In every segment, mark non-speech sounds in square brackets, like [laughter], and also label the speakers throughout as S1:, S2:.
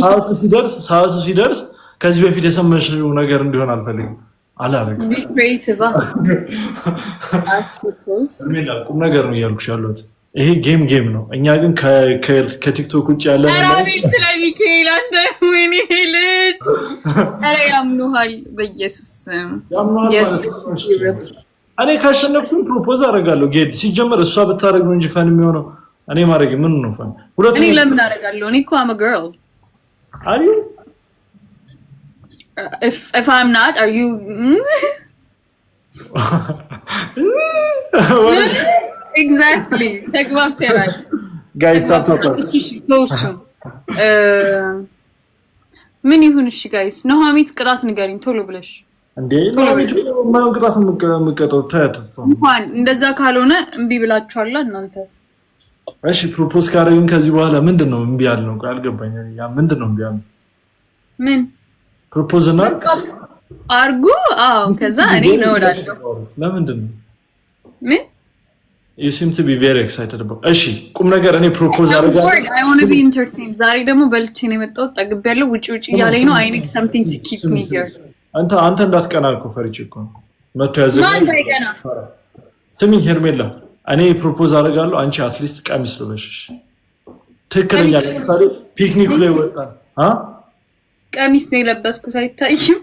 S1: ሰዓቱ ሲደርስ ሰዓቱ ሲደርስ ከዚህ በፊት የሰመሽው ነገር እንዲሆን አልፈልግም። አላደርግም። [laughs] ቁም ነገር ነው እያልኩሽ ያለሁት። ይሄ ጌም ጌም ነው። እኛ ግን ከቲክቶክ ውጭ ያለ
S2: [laughs] ያምኑሃል።
S1: እኔ ካሸነፍኩኝ ፕሮፖዝ አደርጋለሁ። ጌድ ሲጀመር እሷ ብታደርግ ነው እንጂ ፈን የሚሆነው እኔ ማድረግ ምን ነው ፈን
S2: ሁለቱ እኔ ለምን አደርጋለሁ? እኔ እኮ አም ገርል አር ዩ ኢፍ ኢፍ አም ናት አር ዩ ኤግዛክትሊ ተግባብተናል።
S1: ጋይስ ታጥቷል።
S2: uh, ምን ይሁን? እሺ ጋይስ ኑሐሚት ቅጣት ንገሪኝ ቶሎ ብለሽ
S1: እንዴ ኑሐሚት ቅጣት የምትቀጠው
S2: እንኳን እንደዛ ካልሆነ እምቢ ብላችኋላ እናንተ
S1: እሺ ፕሮፖዝ ካደረግን ከዚህ በኋላ ምንድን ነው እምቢ ያልነው? አልገባኝ። ያ ምንድን ነው እምቢ ያልነው? ምን ፕሮፖዝ እና
S2: አርጉ። አዎ፣ ከዛ እኔ ነው እላለሁ። ለምንድን ነው ምን
S1: you seem to be very excited about እሺ፣ ቁም ነገር እኔ ፕሮፖዝ
S2: አደርጋለሁ። I want to be entertained። ዛሬ ደግሞ በልቼ ነው የመጣሁት፣ ያለው ውጪ ውጪ እያለኝ ነው። I need something to keep me here።
S1: አንተ አንተ እንዳትቀና አልኩህ፣ ፈርቼ እኮ ነው መቶ ያዘ። ማን እንዳይቀና ስሚኝ ሄርሜላ እኔ ፕሮፖዝ አደርጋለሁ፣ አንቺ አትሊስት ቀሚስ ልበሽሽ። ትክክለኛ ለምሳሌ ፒክኒክ ላይ ወጣ
S2: ቀሚስ ነው የለበስኩት፣ አይታይም።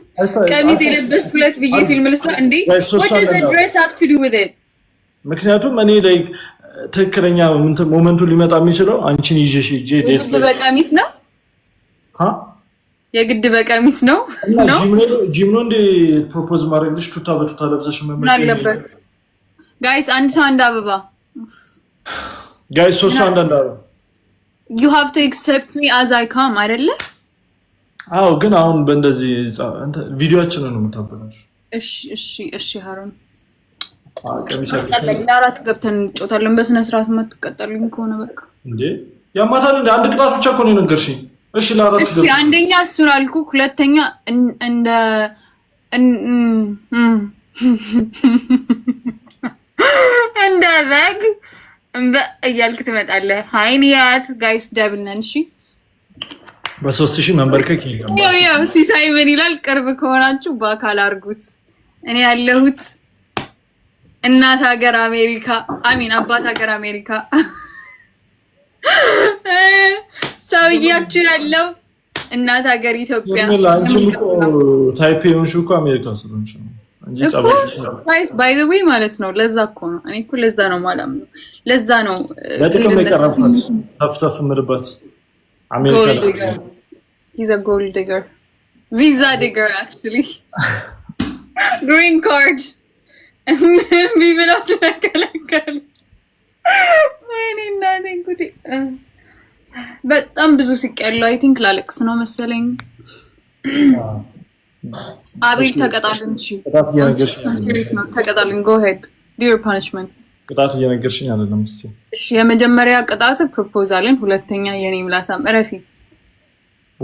S2: ቀሚስ የለበስኩለት ብዬ ፊልም ልስራ እንዴ?
S1: ምክንያቱም እኔ ላይ ትክክለኛ ሞመንቱ ሊመጣ የሚችለው አንቺን ይዤሽ ሂጄ
S2: ዴት ላይ በቀሚስ ነው የግድ በቀሚስ ነው።
S1: ጂምኖ እንዴ ፕሮፖዝ ማድረግልሽ ቱታ በቱታ ለብሰሽ
S2: መመለስ አለበት። ጋይስ አንድ ሰው አንድ አበባ
S1: ጋይስ ሶስት ሰው አንድ አንድ አበባ
S2: ዩ ሃቭ ቱ ኤክሰፕት ሚ አዝ አይ ካም አይደለ?
S1: አዎ። ግን አሁን በእንደዚህ ቪዲዮችን ነው የምታበላሽ።
S2: እሺ፣ እሺ፣ እሺ። ሀሩን ለአራት ገብተን እንጫወታለን። በስነ ስርዓት የማትቀጠሉኝ ከሆነ በቃ
S1: እንዴ ያማታል። እንደ አንድ ቅጣት ብቻ እኮ ነው የነገርሽኝ። እሺ፣ ለአራት
S2: አንደኛ እሱን አልኩ፣ ሁለተኛ እንደ እንደ በግ እያልክ ትመጣለህ። ሀይንያት ጋይስ ደብነን ሺ
S1: በሶስት ሺህ መንበርከክ
S2: ይው ሲታይ ምን ይላል? ቅርብ ከሆናችሁ በአካል አድርጉት። እኔ ያለሁት እናት ሀገር አሜሪካ አሚን አባት ሀገር አሜሪካ [laughs] ሰውያችሁ ያለው እናት ሀገር ኢትዮጵያ።
S1: አንቺ ታይፔ የሆንሽው እኮ አሜሪካ ስለሆንሽ ነው።
S2: ባይ ዘ ዌይ ማለት ነው። ለዛ እኮ ነው እኔ እኮ ለዛ ነው ማለም ነው። ለዛ ነው
S1: በጥቅም የቀረብኳት uh, ተፍተፍ ምርበት
S2: አሜሪካ ጎልድ ዲገር ቪዛ ዲገር አክቹሊ ግሪን ካርድ እምቢ ብላ ስለከለከለ ወይኔ እናቴ እንግዲህ በጣም ብዙ ስቅ ያለው አይ ቲንክ ላለቅስ ነው መሰለኝ [clears throat] አቤል ተቀጣልን።
S1: ቅጣት እየነገርሽኝ አይደለም።
S2: የመጀመሪያ ቅጣት ፕሮፖዛልን፣ ሁለተኛ የኔ ላሳም እረፊ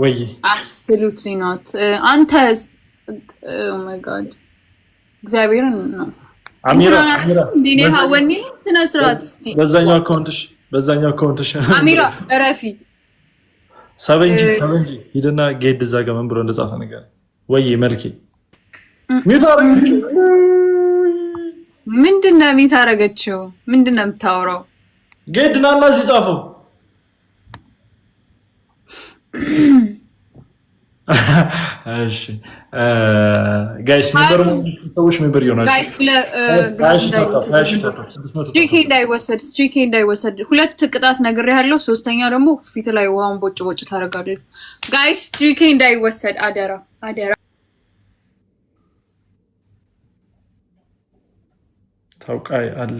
S2: ወይ አብሶሉትሊ ኖት። አንተ oh እግዚአብሔርን ነው
S1: በዛኛው አካውንትሽ በዛኛው አካውንትሽ
S2: አሚራ እረፊ
S1: ሰበንጂ ሰበንጂ ሂድና ጌድ እዛ ጋ ምን ብሎ እንደጻፈ ነገር ወይ መልኬ ሚት አረገችው።
S2: ምንድን ነው ሚት ምንድን ነው የምታወራው?
S1: ናላ እዚህ ጻፈው። ጋይስ ሰዎች ይሆናል።
S2: እንዳይወሰድ ስትሪኬ እንዳይወሰድ ሁለት ቅጣት ነገር ያለው ሶስተኛ ደግሞ ፊት ላይ ውሃውን ቦጭ ቦጭ ታደርጋለህ። ጋይስ ስትሪኬ እንዳይወሰድ አደራ አደራ።
S1: ታውቃይ አለ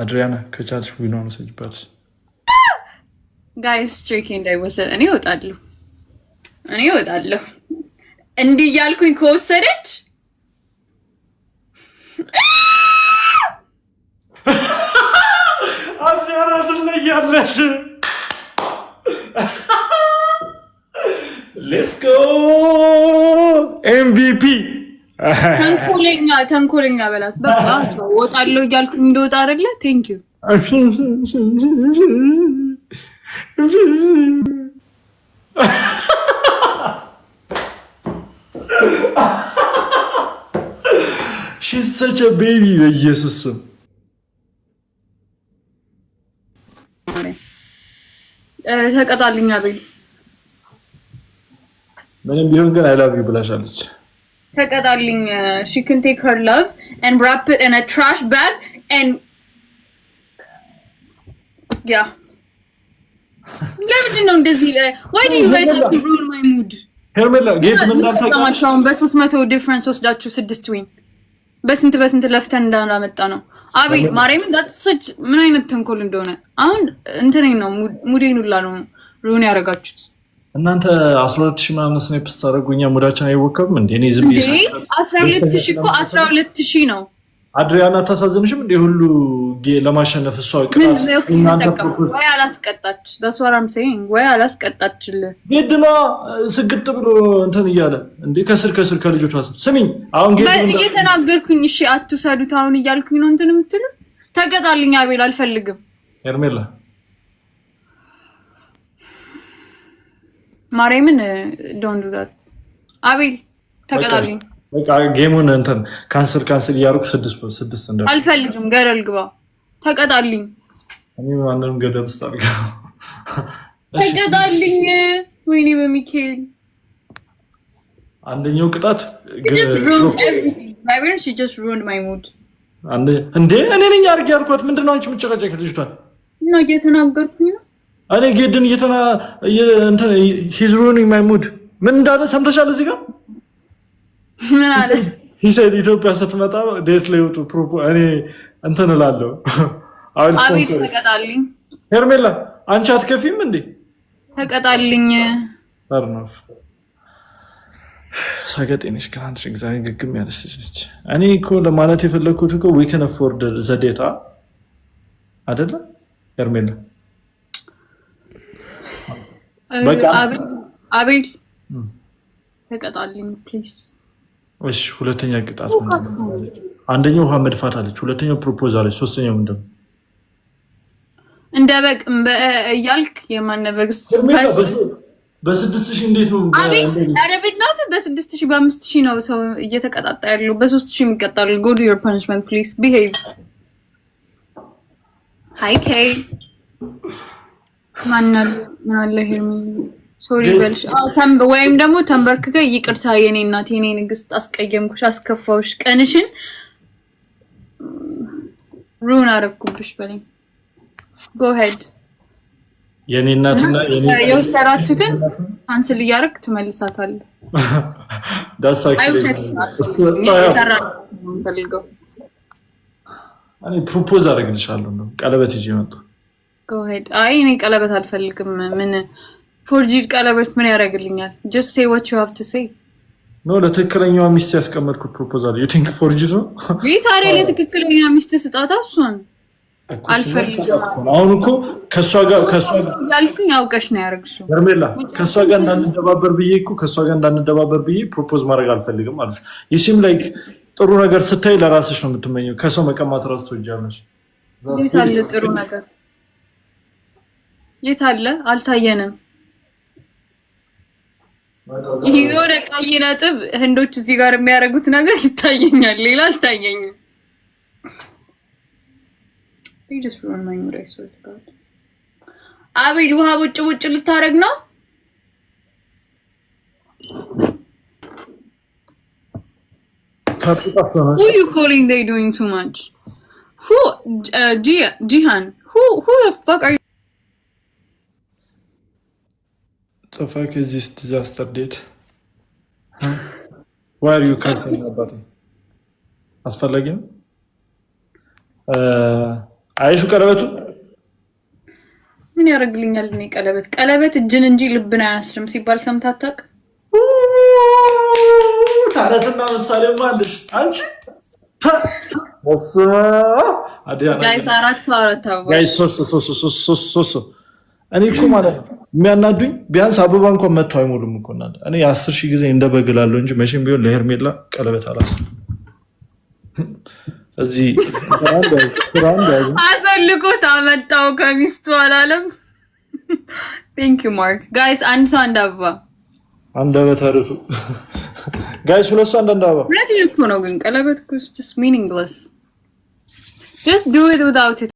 S1: አድሪያና ከቻልሽ ዊኖ መሰጅበት
S2: ጋይስ ትሪኪ እንዳይወሰድ እኔ እወጣለሁ፣ እኔ እወጣለሁ። እንዲህ እያልኩኝ ከወሰደች [laughs]
S1: አድሪያና ትለያለሽ። ሌትስ ጎ ኤምቪፒ
S2: ተንኮለኛ ተንኮለኛ በላት። በቃ ወጣለሁ እያልኩ እንደወጣ አይደለ። ቴንክ ዩ
S1: ሽሰቸ ቤቢ በኢየሱስ
S2: ተቀጣልኛ ቤቢ
S1: ምንም ቢሆን ግን አይላቪ ብላሻለች።
S2: ተቀጣልኝ ሺ ክን ቴክ ሄር ላቭ ኤንድ ራፕ ኢት ኢን አ ትራሽ ባግ ኤንድ ያ ለምንድን ነው እንደዚህ? ዋይ ዱ ዩ ጋይስ ሃቭ ቱ ሩን ማይ ሙድ
S1: ሄርሜላ ጌት ምን
S2: እንዳልታውቃለሽ። በሶስት መቶ ዲፍረንስ ወስዳችሁ ስድስት ዊን በስንት በስንት ለፍተን እንዳላመጣ ነው። አቤት ማርያምን ዳትሰች ምን አይነት ተንኮል እንደሆነ አሁን እንትኔ ነው ሙዴን ሁላ ነው ሩን ያደረጋችሁት።
S1: እናንተ አስራ ሁለት ሺህ ምናምን ስኔፕ ስታደርጉ እኛ ሙዳችን አይወከብም እንዴ? እኔ ዝም
S2: አስራ ሁለት ሺህ እኮ አስራ ሁለት ሺህ ነው።
S1: አድሪያና ታሳዝንሽም እንዴ? ሁሉ ለማሸነፍ እሷ
S2: ቅጣት ወይ አላስቀጣች በሷራም ሴይንግ ወይ አላስቀጣችል
S1: ግድ ስግጥ ብሎ እንትን እያለ እንዴ ከስር ከስር ከልጆቿ ስር ስሚኝ፣ አሁን
S2: እየተናገርኩኝ እሺ፣ አትውሰዱት አሁን እያልኩኝ ነው እንትን የምትሉት ተቀጣልኝ። አቤል አልፈልግም ሄርሜላ ማርያምን ዶን ዱ ዛት አቤል ተቀጣልኝ።
S1: ጌሙን እንትን ካንስል ካንስል እያደረኩ ስድስት ስድስት እንደ
S2: አልፈልግም። ገደል ግባ ተቀጣልኝ።
S1: እኔ ማንንም ገደል ውስጥ አልገባም።
S2: ተቀጣልኝ። ወይኔ በሚካኤል
S1: አንደኛው ቅጣት እንዴ! እኔ ነኝ አድርጌ ያልኳት ምንድን ነው አንቺ የምጨቀጨቅ ልጅቷን
S2: እና እየተናገርኩኝ ነው
S1: እኔ ጌድን እየተና ሂዝ ሩኒንግ ማይ ሙድ ምን እንዳለ ሰምተሻል? እዚህ ጋር ምን አለ? ሂሳይድ ኢትዮጵያ ስትመጣ ዴት ላይ ወጡ ፕሮፖ እኔ እንትን እላለሁ።
S2: አቤት ተቀጣልኝ።
S1: ሄርሜላ አንቺ አትከፊም እንዴ?
S2: ተቀጣልኝ።
S1: አርናፍ ሰገጤ ነሽ ግን እግዚአብሔር ግግም ያነስች። እኔ እኮ ለማለት የፈለግኩት እኮ ዊክን ፎርድ ዘዴታ አደለ ሄርሜላ
S2: አቤል ተቀጣልኝ ፕሊስ።
S1: እሺ፣ ሁለተኛ ቅጣት አንደኛው ውሃ መድፋት አለች፣ ሁለተኛው ፕሮፖዝ አለች፣ ሶስተኛው ምንድን ነው?
S2: እንደ በግ እያልክ የማነበግ
S1: በስድስት ሺህ እንዴት ነው?
S2: ኧረ በእናትህ በስድስት ሺህ በአምስት ሺህ ነው ሰው እየተቀጣጣ ያለው። በሶስት ሺህ የሚቀጣሉ። ጎ ዱ ዮር ፐኒሽመንት ፕሊዝ ቢሄቭ ሃይ ኬይ ማናል ወይም ደግሞ ተንበርክከ ይቅርታ የኔ እናት የኔ ንግስት፣ አስቀየምኩሽ፣ አስከፋውሽ፣ ቀንሽን ሩን አረኩብሽ በለኝ። ጎ ሄድ
S1: የኔ እናትና የኔ
S2: የሰራችሁትን ካንስል እያደረግ ትመልሳታለህ።
S1: ፕሮፖዝ [laughs] oh, አደረግልሻለሁ ቀለበት ይዤ መጣሁ
S2: ጎሄድ አይ እኔ ቀለበት አልፈልግም። ምን ፎርጂድ ቀለበት ምን ያደርግልኛል? ጀስት ሴ ዋት ዩ ሃቭ ቱ ሴ
S1: ኖ ለትክክለኛዋ ሚስት ያስቀመጥኩት ፕሮፖዛል ዩ ቲንክ ፎርጂድ ነው።
S2: ይህ ታዲያ ለትክክለኛ ሚስት ስጣታ እሷን አልፈልግም።
S1: አሁን እኮ ከእሷ ጋር
S2: ያልኩኝ አውቀሽ ነው ያደረግሽው
S1: ሄርሜላ። ከእሷ ጋር እንዳንደባበር ብዬ እኮ ከእሷ ጋር እንዳንደባበር ብዬ ፕሮፖዝ ማድረግ አልፈልግም አሉሽ። ይሲም ላይክ ጥሩ ነገር ስታይ ለራስሽ ነው የምትመኘው። ከሰው መቀማት ራሱ ትወጃለሽ።
S2: ጥሩ ነገር የት አለ? አልታየንም። ይህ የሆነ ቀይ ነጥብ ህንዶች እዚህ ጋር የሚያደርጉት ነገር ይታየኛል፣ ሌላ አልታየኝም። አቤል ውሃ ውጭ ቡጭ ልታደርግ ነው። ጂሃን
S1: ጠፋ ከዚህ is this disaster dude? why are you አስፈላጊ ነው። አይሹ ቀለበቱ
S2: ምን ያደርግልኛል? እኔ ቀለበት ቀለበት እጅን እንጂ ልብን አያስርም ሲባል ሰምተህ አታውቅም?
S1: ታረትና ምሳሌ አለሽ አንቺ
S2: ጋይስ አራት ሰው አራት
S1: ሶስት ሶስት ሶስት እኔ እኮ ማለት ነው የሚያናዱኝ ቢያንስ አበባ እንኳን መጥቶ አይሞሉም እኮ እናንተ። እኔ የአስር ሺህ ጊዜ እንደበግላለሁ እንጂ መቼም ቢሆን ለሄርሜላ ቀለበት አላስ [laughs] እዚህ
S2: አሰልቆት አመጣው ከሚስቱ አላለም። ቴንክ ዩ ማርክ ጋይስ፣ አንድ ሰው አንድ አበባ
S1: አንድ አበባ ታሪቱ ጋይስ፣ ሁለት ሰው አንዳንድ አበባ
S2: ሁለት ልኮ ነው። ግን ቀለበት ስ ሚኒንግለስ ስ ዱ ኢት ዊዛውት